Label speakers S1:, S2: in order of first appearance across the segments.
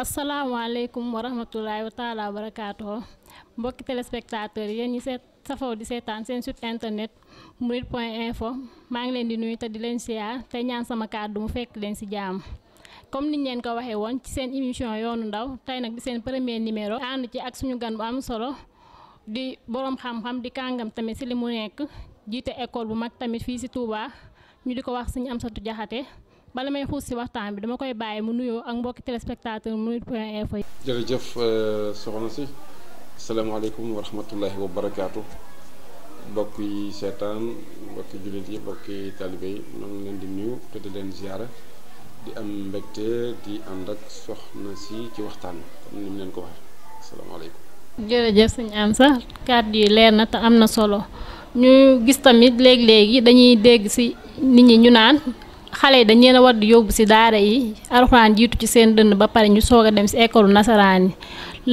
S1: asalaamaaleykum wa rahmatulahi wa taala wa barakaatu mbokki téléspectateurs yéen ñi seet safoo di seetaan seen site internet murit point info maa ngi leen di nuyu te di leen siyaar te ñaan sama kàddu mu fekk leen si jaam comme niñ leen ko waxee woon ci seen émission yoonu ndaw tey nag di seen premier numéro ànd ci ak suñu gan bu am solo di boroom xam-xam di kàngam tamit si li mu nekk jiite école bu mag tamit fii si Touba ñu di ko wax suñu Amsatu Jaxate bala may xuus si waxtaan bi dama koy baye mu nuyo ak telespectateur mu nuyo point info
S2: jere jeuf soxna assalamu alaykum wa rahmatullahi wa barakatuh mbokk yi setan mbokki julit yi mbokki taalibe yi leen di nuyo te di leen ziara di am mbekté di andak soxna ci ci waxtaan comme ni ko wax assalamu alaykum
S1: jere jeuf seigne am sax kàddu yi leer na te solo ñu gis tamit leg legi dañuy deg si nit ñi ñu naan. xale yi dañ leen war di yóbbu si daara yi alxuraan jiitu ci seen dënn ba pare ñu soog a dem si école nasaraan yi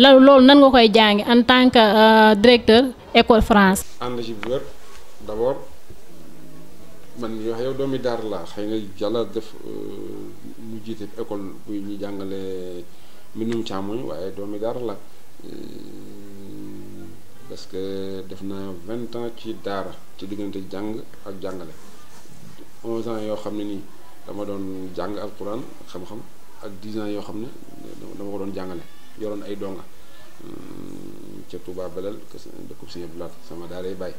S1: la loolu nan nga koy jàngi en tant que euh, directeur école France.
S2: ànd ci bu wér d' abord man yoo xam yow doomi daara laa xëy na yàlla def euh, mu jiite école bu ñu jàngale mbindum càmmoñ waaye doomi daara la euh, parce que def na vingt ans ci daara ci diggante jàng ak jàngale. 11 ans yoo xam ne nii dama doon jàng alquran xam-xam ak 10 ans yoo xam ne dama ko doon jàngale yoroon ay donga mm, ca tubaab Belel dëkkub Sëñ Abdou Lahat sama daaray bàyyi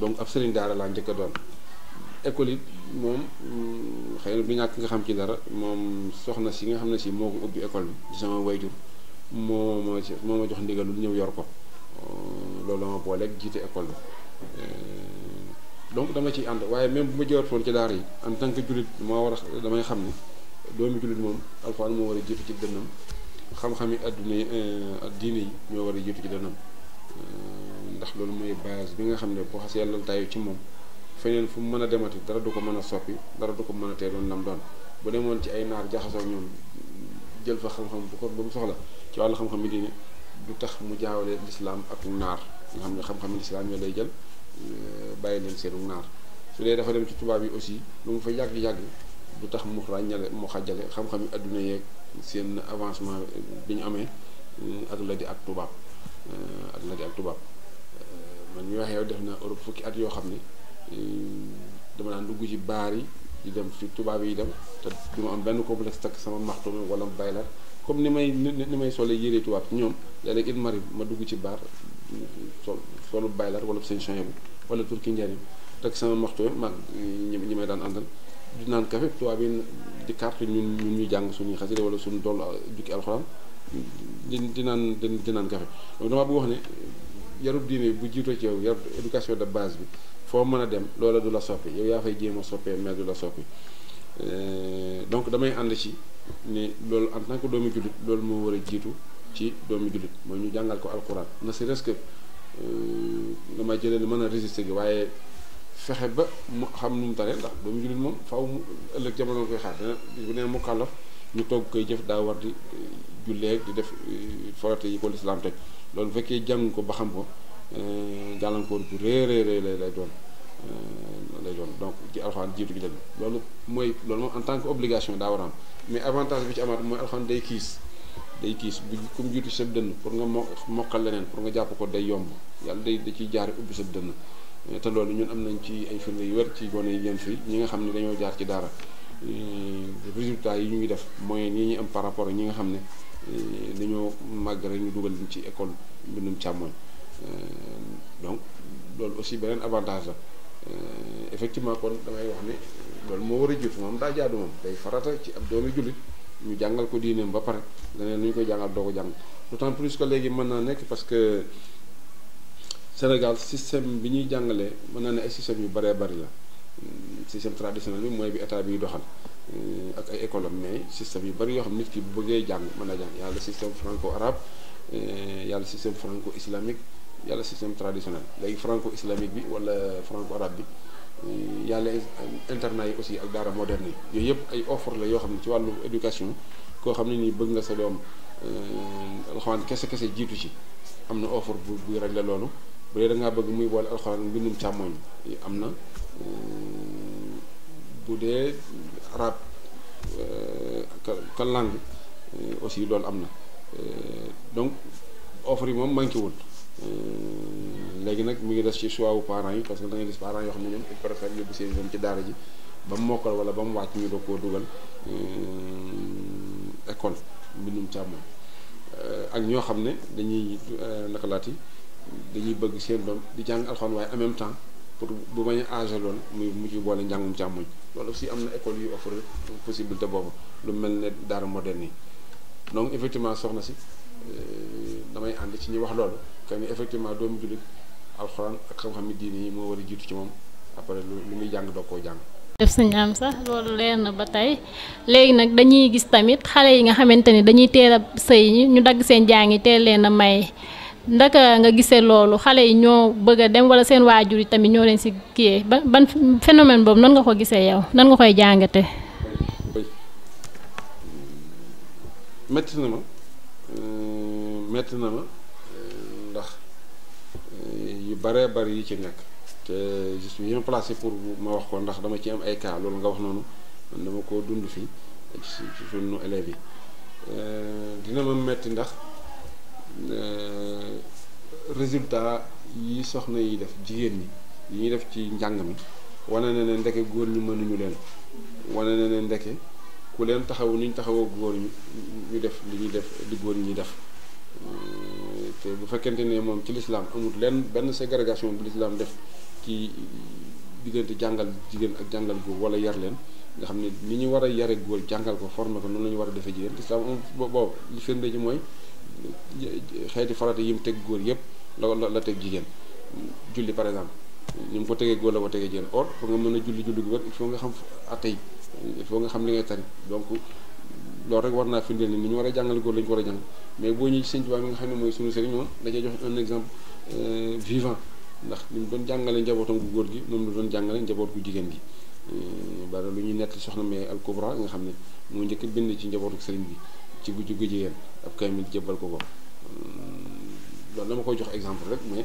S2: donc ab sëriñ daara laa njëkk a doon école it moom mm, xëy na du ñàkk nga xam ci dara moom soxna si nga xam ne si moo ko ubbi école bi sama wayjur moo ma moo ma jox ndigalul ñëw yor ko euh, loolu la ma jiite école bi euh, donc dama ciy ànd waaye même bu ma jëwatoon ci daara yi en tant que jullit war a damay xam ni doomi jullit moom alxuraan moo war a jiitu ci dënnam xam-xami adduna yi euh, ak diine yi ñoo war a jiitu ci dënnam euh, ndax loolu muy base bi nga xam ne boo xas yàlla taayu ci moom feneen fu mu mën a demati dara du ko mën a soppi dara du ko mën a teeloon nam doon bu demoon ci ay naar jaxasoo ñoom jël fa xam-xam bu ko ba mu soxla ci wàll xam-xam yi diine du tax mu jaawalee lislaam ak naar nga xam ne xam-xam lislaam yoo lay jël Euh, bàyyi leen seenu naar su dee dafa dem ci tubaab yi aussi lu mu fa yàgg-yàgg du tax mu ràññale mu xàjjale xam-xam yi adduna yeeg seen avancement bi ñu amee euh, ak la di ak tubaab euh, ak la di ak tubaab man mi wax yow def na Europe fukki at yoo xam ne dama daan dugg ci baar yi di dem fi tubaab yi dem te du ma am benn complexe takk sama maxtum wala baylar comme ni may ni may solee yére tubaab ci ñoom léeg-léeg it mari ma dugg ci baar sol solu Baay Laat wala sëñ Chouaïbou wala turki njariñ teg sama morto mak ñi may daan àndal di naan café tubaab yi di carte ñun ñun ñuy jàng suñuy xasida wala suñu tool ah, jukki alxuraan di di naan di café donc damaa bëgg wax ne yarub diine bu jiitoo ci yow yarub éducation de base bi foo mën dem loola du la soppi yow yaa fay jéem a soppee mais du la soppi euh, donc damay ànd ci ne loolu en tant que doomu jullit loolu moo war a ci doomi julit mooy ñu jàngal ko alquran na si risque damay jëlee ne mën a résister gi waaye fexe ba mu xam nu mu tane ndax doomu julit moom faaw mu ëllëg jamono koy xaar dana bu nee mu kàllaf ñu togg koy jëf daa war di euh, jullee di def euh, farata yi ko lislaam teg loolu bu fekkee jàng ko ba xam ko euh, gàllankoor bu rëy rëy rëy lay doon lay doon donc ci alxuraan jiitu gi la loolu mooy loolu moom en tant que obligation daa war am mais avantage bi ci amaat mooy alxuraan day kiis day tiis bu comme jiitu sab dënn pour nga mo mokkal leneen pour nga jàpp ko day yomb yàlla day da ciy jaare ubbi sab dënn eh, te loolu ñun am nañ ci ay firnde yu wér ci gone yi yéen fii ñi nga xam ne dañoo jaar ci daara eh, résultat yi ñuy def moyens yi ñu am par rapport ak ñi nga xam ne eh, dañoo màgg rek ñu dugal ci école mbindum càmmoñ donc loolu aussi beneen avantage la effectivement kon damay wax ni loolu moo war a jiitu moom daa jaadu moom day farata ci ab doomi jullit ñu jàngal ko diineem ba pare leneen lu ñu koy jàngal doo ko jàng d'autant plus ko léegi mën naa nekk parce que Sénégal système bi ñuy jàngalee mën naa ne ay système yu baree bari la système traditionnel bi mooy bi état bi doxal euh, ak ay école mais système yu bari yoo xam nit ki bu bëggee jàng mën a jàng yàlla système franco arabe euh, yàlla système franco islamique yàlla système traditionnel léegi franco islamique bi wala franco arabe bi Euh, yàlla euh, internat yi aussi ak daara moderne yi yooyu yëpp ay offre la yoo xam ne ci wàllu éducation koo xam ne nii bëgg nga sa doom euh, alxuraan kese kese jiitu ci am na offre bu buy régler loolu dee da ngaa bëgg muy boole alxuraan mbindum càmmoñ am na bu dee arab aussi loolu am na donc offre yi moom manqué Euh, léegi nag mu ngi def ci choix wu parents yi parce que da ngay gis yoo xam ne ñoom ils préfèrent yóbbu seen doom ci daara ji ba mu mokkal wala ba mu wàcc ñu doog koo dugal euh, école mbindum càmmoñ euh, ak ñoo xam ne dañuy nakalaat yi dañuy bëgg seen doom di jàng alxuraan waaye en même temps pour bu bañ a âgé lool muy mu ci boole njàngum càmmoñ loolu aussi am na école yu offre possibilité boobu lu mel ne daara moderne yi donc effectivement soxna si damay ànd ci ñuy wax loolu. que ni effectivement doomu jullit alxuraan ak xam-xam diine moo war a jiitu ci moom après lu muy jàng doo koo
S1: jàng. def sëñ am sax loolu leer na ba tey léegi nag dañuy gis tamit xale yi nga xamante ni dañuy teel a sëy ñu dagg seen jàngi teel leen a may ndaka nga gisee loolu xale yi ñoo bëgg a dem wala seen waajur yi tamit ñoo leen si kiyee ba ban phénomène boobu nan nga ko gisee yow nan nga koy jàngate
S2: métti na ma euh, métti na ma. yu baree bari yi ci nekk te je suis bien placé pour ma wax ko ndax dama ci am ay cas loolu nga wax noonu man dama ko dund fii ci sunu élèves yi euh, dina ma metti ndax euh, résultat yi soxna yi def jigéen ñi yi ñuy def ci njàng mi wane na ne ndeke góor ñi mënuñu leen wane na ne ndeke ku leen taxaw ni ñu taxawoo góor ñu ñu def li ñuy def li góor ñi def bu fekkente ne moom ci lislaam amul lenn benn ségrégation bu lislaam def ci diggante jàngal jigéen ak jàngal góor wala yar leen nga xam ne ni ñu war a yare góor jàngal ko former ko noonu la ñu war a defee jigéen lislaam amul boobu li firnde ji mooy xeeti farata yi teg góor yëpp la la teg jigéen julli par exemple ni mu ko tegee góor la ko tegee jigéen or pour nga mën a julli julli gu wér il faut nga xam atay il faut nga xam li ngay tari donk loolu rek war naa firndeel ni ni ñu war a jàngal góor la ñu ko war a jàngal mais boo ñëwee ci sëñ Tuubaa mi nga xam ne mooy sunu sëriñ moom da euh, ndax li mu doon njabootam gu góor gi moom la doon jàngale njaboot gu jigéen gi euh, bari lu ñuy nettali soxna May al Kubra nga xam ne moo njëkk bind ci njabootu sëriñ bi ci gu gu jigéen ab kaamil jébbal ko ko euh, loolu dama koy jox exemple rek mais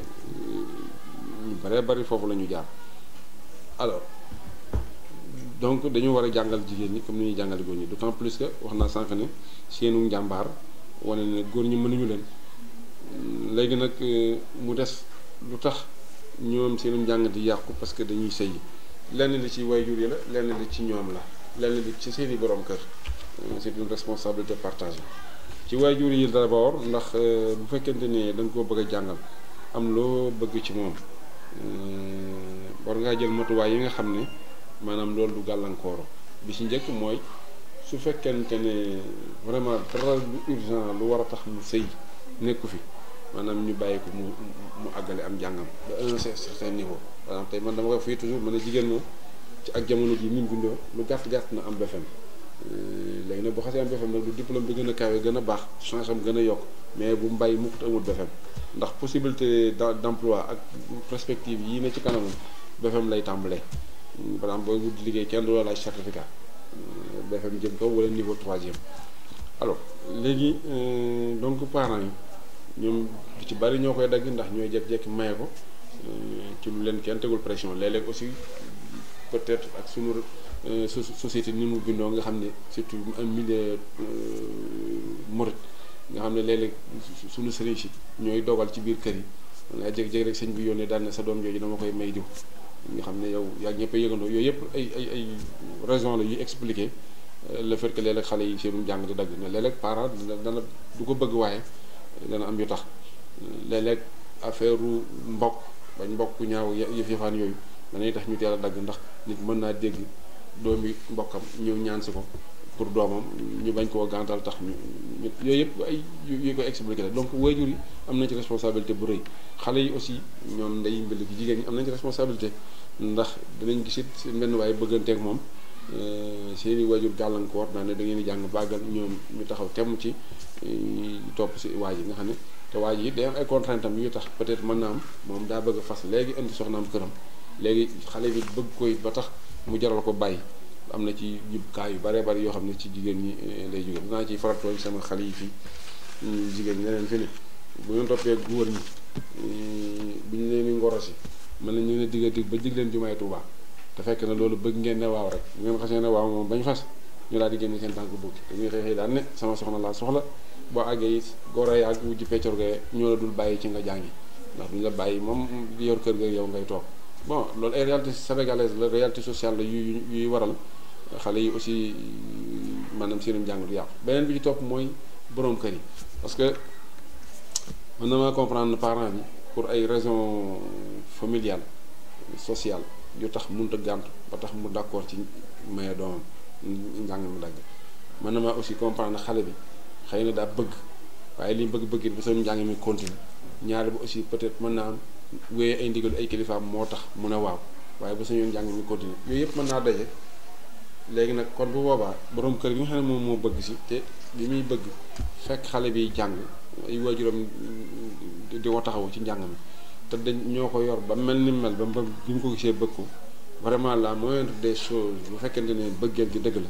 S2: ñu bari foofu la ñu jaar alors donc dañu war a jàngal jigéen ñi comme ni ñuy jàngale góor ñi d'autant plus que wax naa sànq ne seenu njàmbaar wane ne góor ñi mënuñu leen léegi nag euh, mu des lu tax ñoom seenu njàng di yàqu parce que dañuy sëy lenn li ci wayjur yi la lenn li ci ñoom la lenn li ci seeni borom kër euh, c'est une responsabilité partagée ci wayjur yi d'abord ndax euh, bu fekkente ne da koo bëgg a jàngal am loo bëgg ci moom war ngaa jël matuwaay yi nga xam ne manam loolu du gàllankooru bi ci njëkk mooy su fekkente ne vraiment dara urgent lu wara tax mu sey nekku fi manam ñu bàyyi ko mu mu àggale am jangam ba un certain niveau par exemple tey man dama ko fi toujours ma jigen mo ci ak jamono ji ñu mu lu gàtt gàtt na am bfm euh, léegi nag bu xasee am bfm nag lu diplôme bi gën a kawe gën a baax chance am gën a yokk mais bu mbay mu ko amul bfm ndax possibilité d'emploi ak perspective yi ne ci kanamam bfm lay tàmbalee. par exemple booy wut liggéey kenn du la laaj certificat BFM euh, jëm kaw wala niveau troisième alors léegi euh, donc parent yi ñoom ci bari ñoo koy dagg ndax ñooy jékki-jékki maye ko euh, ci lu leen kenn tegul pression léeg aussi peut-être ak sunu société ni mu bindoo nga xam ne surtout un milieu morit nga xam ne léeg-léeg sunu sëriñ si ñooy dogal ci biir kër yi nga jékki-jékki rek sëñ bi yónnee daal na sa doom jooju dama koy may diw nga xam ne yow yaa ñëpp a yëgandoo yooyu yëpp ay ay ay raison la yuy expliquer euh, le fait que xale yi seenu jàng di dagg ne léeg-léeg parent dana du ko bëgg waaye dana am yu tax léeg-léeg affaire mbokk bañ mbokk ñaaw yëf yëfaan yooyu danañ tax ñu teel a dagg ndax nit mën naa dégg doomi mbokkam ñëw ñaan si ko pour doomam ñu bañ koo gàntal tax ñu yooyu yëpp ay yu koy expliqué donc waajur yi am nañ ci responsabilité bu rëy xale yi aussi ñoom nday mbili gi jigéen ñi am nañ ci responsabilité ndax dinañ gisit benn waaye bëgganteeg moom euh, seeni waajur gàllankoor naa ne da ngeen di jàng bàggal ñoom ñu taxaw temm ci euh, topp si waaj yi nga xam ne te waaj yi day ay contrainte am yu tax peut-être mën na am moom daa bëgg a fas léegi indi soxnaam këram léegi xale bi bëgg koy ba tax mu jaral ko bàyyi am na ci jub kaa yu bare bari yoo xam ne ci jigéen ñi eh, lay jóge naa ciy faratoo sama xale yi fi mm, jigéen ñi leneen fi ne bu ñu toppee góor ñi mm, bu ñu leen di ngorosi mën nañ leen a ba dig leen jumaay Tuubaa te fekk na loolu bëgg ngeen ne waaw rek bu ngeen xasee ne waaw moom bañ ñu daal di génn seen tànk bukki dañuy xëy xëy daan ne sama soxna laa soxla boo àggee it goro yaag wujji peccor gaye ñoo la dul bàyyi ci nga jàngi ndax duñu la bàyyi moom yor kër ga yow ngay toog bon loolu ay réalité sénégalaise la réalité sociale la yu yuy waral xale yi aussi maanaam seenum jàng du yàqu beneen bi ci topp mooy borom kër yi parce que mën na maa comprendre parent bi pour ay raisons familiales sociales yu tax mun ta gàntu ba tax mu d'accord ci maye doomam njàng mi dagg mën na maa aussi comprendre xale bi xëy na daal bëgg waaye li mu bëgg bëggin bu seen njàng mi continue ñaari bi aussi peut-être mën naa am wéye ay ndigal ay kilifaam moo tax mun a waaw waaye ba seen njàng mi continue yooyu yëpp mën naa daje léegi nag kon bu boobaa borom kër gi nga xam ne moom moo bëgg si te bi muy bëgg fekk xale bi jàng ay waajuram di ko taxawu ci njàng mi te dañ ñoo ko yor ba mel ni mel ba ba bi mu ko gisee bëgg ko vraiment la moindre des choses bu fekkente ne bëggeel gi dëgg la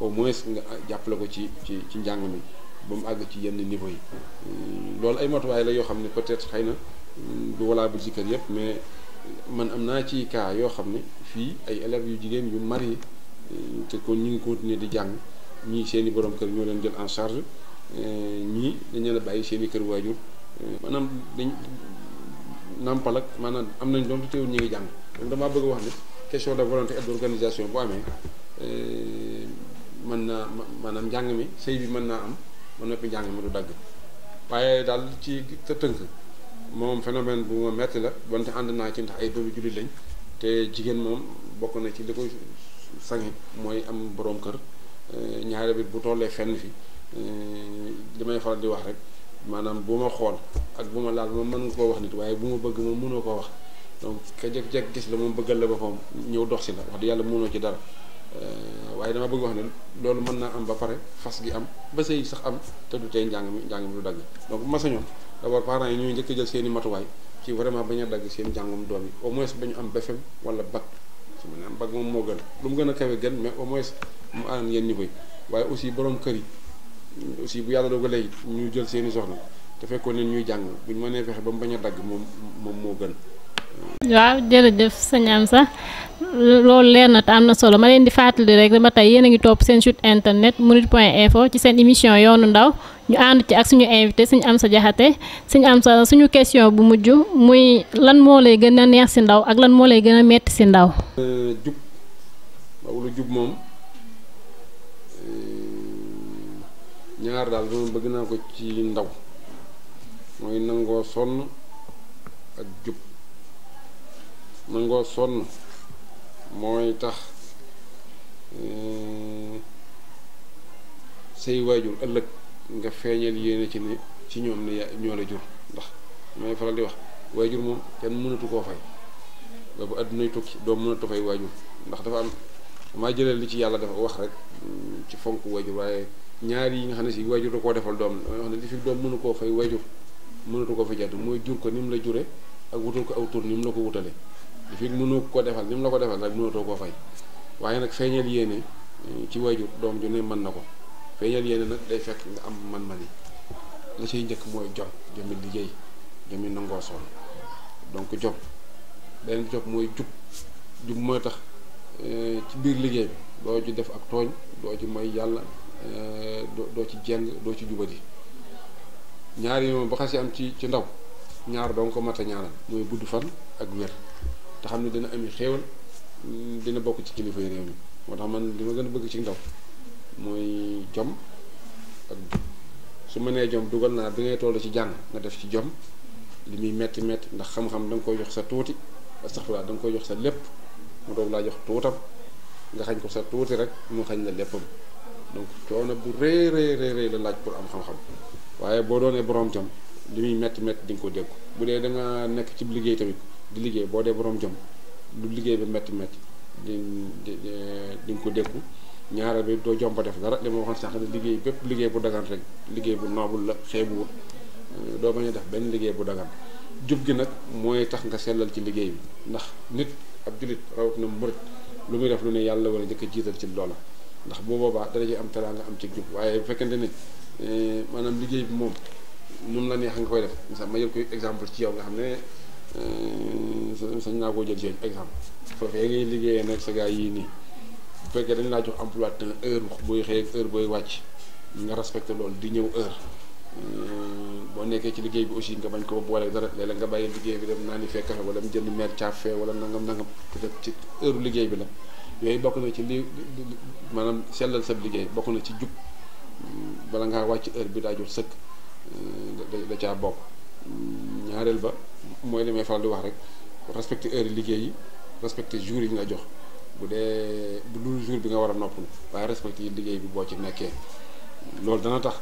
S2: au moins nga jàppale ko ci ci ci njàng mi ba mu àgg ci yenn niveau yi loolu ay matuwaay la yoo xam ne peut-être xëy na mm, du valable ci kër yëpp mais man am naa ci cas yoo xam ne fii ay élèves yu jigéen yu marié te kon ñu ngi continuer di jàng ñi seen i kër ñoo leen jël en charge eh, ñii dañu la bàyyi seen i kër waajur eh, maanaam dañ nàmpal ak maanaam am nañ doom te teewul ñu ngi jàng donc damaa bëgg wax ne question de volonté et d'organisation bu amee eh, mën naa maanaam njàng mi sëy bi mën naa am ba noppi njàng mi du dagg waaye daal ci te tënk moom phénomène bu ma metti la bonte ànd naa ci ndax ay doomu jullit lañ te jigéen moom bokk na ci li koy sange mooy am boroom kër eh, ñaare bi bu tollee fenn fi eh, li may faral di wax rek maanaam bu ma xool ak bu ma laal moom mën nga koo wax nit waaye bu ma bëgg moom mënoo koo wax donc ka jekk-jekk gis la moom bëggal la boppam ñëw dox si la wax yàlla mënoo ci dara eh, waaye dama bëgg wax ne loolu mën naa am ba pare fas gi am ba sëy sax am te du tey njàng mi njàng mi du dagg donc ma sañoon d'abord parents yi ñooy njëkk jël seeni i matuwaay ci vraiment bañ a dagg seen njàngum doom yi au moins ba am BFEM wala bac su ma naan moom moo gën lu mu gën a kawe gën mais au moins mu ànd yenn niveau yi waaye aussi boroom kër yi aussi bu yàlla dogalee ñu jël seeni soxna te fekkoon ne ñuy jàng bu ma mënee fexe ba mu bañ a dagg moom moom moo gën.
S1: waaw jërëjëf sëñ Amsa loolu leer na te am na solo ma leen di fàttali rek ba tey yéen a ngi topp seen site internet mourides point info ci seen émission yoonu ndaw. ñu ànd ci ak suñu invité suñu am sa jaxate suñu am suñu question bu mujj muy lan moo lay gën a neex si ndaw ak lan moo lay gën a metti si ndaw.
S2: Euh, jub jub moom euh, ñaar daal bëgg naa ko ci ndaw mooy nangoo sonn ak jub nangoo sonn mooy tax euh, say waajur ëllëg. nga feeñal yéene ci ne ci ñoom ne ñoo la jur ndax may faral di wax waaye jur moom kenn mënatu koo fay ba bu addunay tukki doo mënatu fay waajur ndax dafa am maa jëlal li ci yàlla dafa wax rek mm, ci fonk waajur waaye ñaar yi nga xam ne si waajur da koo defal doom ne li fi doom mënu koo fay waajur mënatu koo fay jàdd mooy jur ko ni mu la jure ak wutal ko aw tur ni mu la ko wutale li mënu ko defal ni la ko defal rek mënatoo koo fay waaye nag feeñal yéene mm, ci waajur doom ju ne man na ko feeñal yéene nag day fekk nga am man-man yi la ciy njëkk mooy jom jomi liggéey jomi nangoo sonn donc jom beneen jom mooy jub jub mooy tax euh, ci biir liggéey bi doo ci def ak tooñ doo ci mooy yàlla euh, doo ci jeng doo ci jubati ñaar yi moom ba xasee am ci ci ndaw ñaar doo nga ko mat ñaanal mooy gudd fan ak wér te xam ne dina ami xéewal mm, dina bokk ci kilifa yi réew mi moo tax man di ma gën a bëgg ci ndaw mooy jom ak su ma nee jom dugal naa bi ngay toll ci jàng nga def ci jom li muy metti metti ndax xam-xam da koy jox sa tuuti astaxfirullah da nga koy jox sa lépp mu doog laa jox tuutam nga xañ ko sa tuuti rek mu xañ la léppam donc coono bu rëy rëy rëy la laaj pour am xam-xam waaye boo doonee borom jom li muy metti metti di nga ko dégg bu dee danga nekk ci liggéey tamit di liggéey boo dee borom jom lu liggéey bi metti metti di di ko dégg. ñaareel bi doo jomba def dara li ma waxoon sax ne liggéey bépp liggéey bu dagan rek liggéey bu noobul la xeebuwul euh, doo bañ a def benn liggéey bu dagan jub gi nag mooy tax nga sellal ci liggéey bi ndax nit ab julit rawat na murit lu muy def lu ne yàlla wala njëkk a jiital ci loola ndax bu boobaa dara ji am talaa nga am ci jub waaye bu fekkente ne euh, maanaam liggéey bi moom moom la neex nga koy def sax ma jël koy exemple ci yow nga xam ne euh, sañ naa koo jël ci exemple liggéeyee nag sa yii nii bu fekkee dañu laa jox emploi temps heure booy xëy heure booy wàcc nga respecté loolu di ñëw heure euh, boo nekkee ci liggéey bi aussi nga bañ koo boole dara léeg-léeg nga bàyyi liggéey bi dem naa ni fekk wala dem jënd meer caaf fee wala nangam nangam peut-être ci heure liggéey bi la yooyu bokk na ci li maanaam sellal sa liggéey bokk na ci jub hmm, bala ngaa wàcc heure bi daa jot sëkk hmm, da caa bokk hmm, ñaareel ba mooy li may faral di wax rek respecté heure liggéey yi respecté jour yi nga jox. bu dee bu jour bi nga war a noppalu waaye respecté yi liggéey bi boo ci nekkee loolu dana tax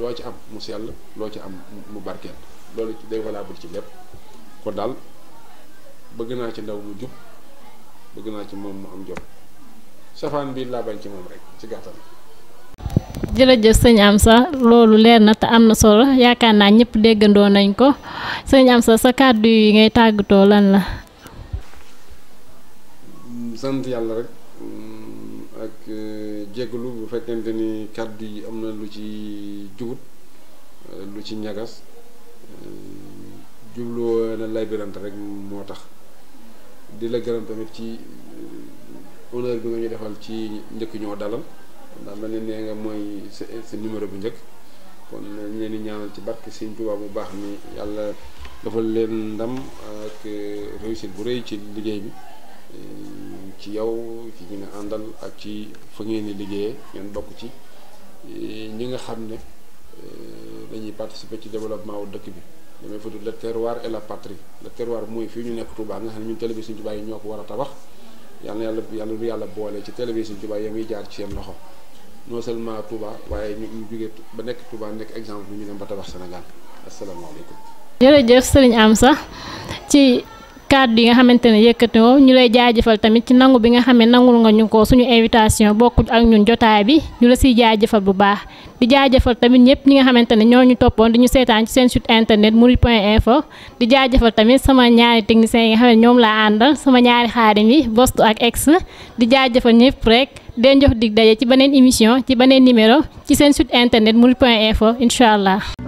S2: loo ci am mu sell loo ci am mu barkeel loolu day valable ci lépp kon daal bëgg naa ci ndaw mu jub bëgg naa ci moom mu am jom safaan bi laa bañ ci moom rek ci gàttal.
S1: jërëjëf sëñ Amsa loolu leer na te am na solo yaakaar naa ñëpp déggandoo nañ ko sëñ Amsa sa kàddu yi ngay tàggatoo lan la.
S2: sant yàlla rek mm, ak euh, jégalu bu fekkente ni kàddu yi am na lu ci jubut euh, lu ci ñagas euh, jubloo na laybirante rek moo tax di la gërëm tamit ci honneur bi nga ñu defal ci njëkk ñoo dalal ndax ma ni nee nga mooy sa sa numéro bu njëkk kon leen di ñaanal ci barke Sëñ Tuubaa bu baax ni yàlla dafa leen ndam ak réussite bu rëy ci liggéey bi Ehm, ci yow ci ñi nga àndal ak ci fa ngeen di liggéeyee ngeen bokk ci ehm, ñi nga xam ne ehm, dañuy participer ci développement wu dëkk bi damay fa tudd le terroir et la patrie le terroir mooy fi ñu nekk Touba nga xam ne ñun télévision yi ñoo ko war a tabax yàlla yàlla yàlla du yàlla boole ci télévision Touba yi muy jaar ci seen loxo non seulement Touba waaye ñu ñu jógee ba nekk Touba nekk exemple bi ñu dem ba tabax Sénégal asalaamaaleykum.
S1: jërëjëf sëriñ Amsa ci kàddu bi nga xamante ne yëkkati ñu lay jaajëfal tamit ci nangu bi nga xamee ne nga ñu ko suñu invitation bokk ak ñun jotaay bi ñu la siy jaajëfal bu baax di jaajëfal tamit ñëpp ñi nga xamante ne ñoo ñu toppoon di ñu seetaan ci seen site internet mourides point info di jaajëfal tamit sama ñaari techniciens yi nga xam ne ñoom laa àndal sama ñaari xaadim yi bost ak ex di jaajëfal ñëpp rek den jox dig daje ci beneen émission ci beneen numéro ci seen site internet mourides point info incha allah